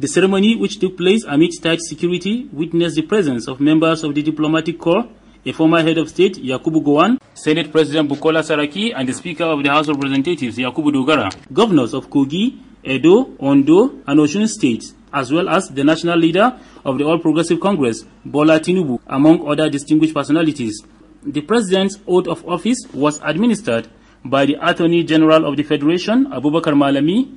The ceremony, which took place amid tight security, witnessed the presence of members of the diplomatic corps, a former head of state, Yakubu Gowan, Senate President Bukola Saraki, and the Speaker of the House of Representatives, Yakubu Dogara, governors of Kogi, Edo, Ondo, and Osun states, as well as the national leader of the All Progressive Congress, Bola Tinubu, among other distinguished personalities. The president's oath of office was administered by the Attorney General of the Federation, Abubakar Malami,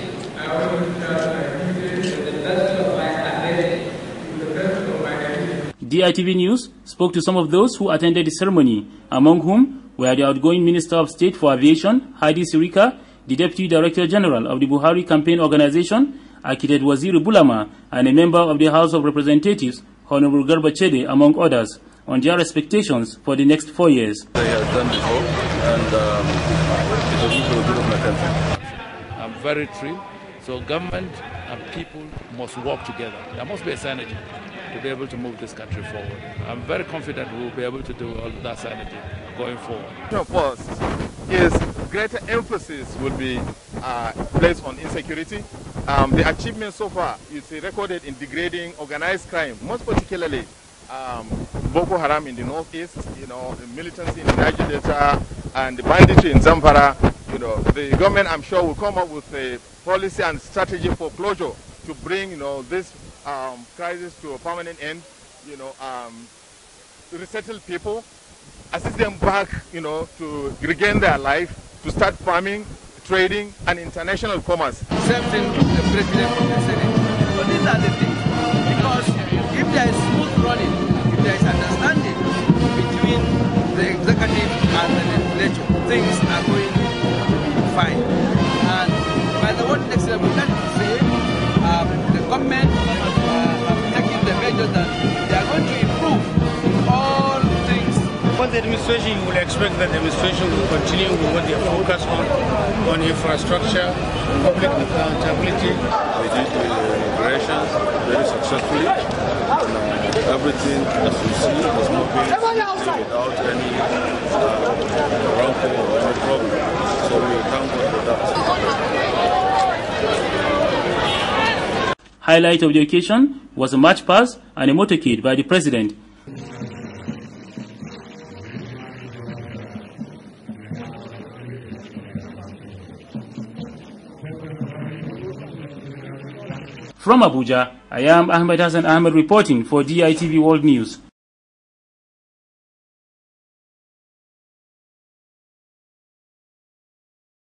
DITV News spoke to some of those who attended the ceremony, among whom were the outgoing Minister of State for Aviation, Heidi Sirika, the Deputy Director General of the Buhari Campaign Organization, Architect Waziri Bulama, and a member of the House of Representatives, Honorable Garba Chede, among others, on their expectations for the next four years. have done before, and um, it of I'm very thrilled. So government and people must work together. There must be a synergy to be able to move this country forward. I'm very confident we'll be able to do all that sanity going forward. Of course, is greater emphasis will be uh, placed on insecurity. Um, the achievement so far is recorded in degrading organized crime, most particularly um, Boko Haram in the northeast, you know, militancy in Niger Delta and the banditry in Zamfara. You know, the government, I'm sure, will come up with a policy and strategy for closure to bring you know this um, crisis to a permanent end, you know, um, resettle people, assist them back, you know, to regain their life, to start farming, trading, and international commerce. Same thing with the president of the Senate. But these are the things because if there is smooth running, if there is understanding between the executive and the legislature, things are going to be fine. they are going to improve all things. For the administration, you will expect that the administration will continue with what they are focused on, on infrastructure, public accountability. They did the operations very successfully. And, uh, everything, as you see, has not without any uh, Highlight of the occasion was a march past and a motorcade by the president. From Abuja, I am Ahmed Hassan Ahmed reporting for DITV World News.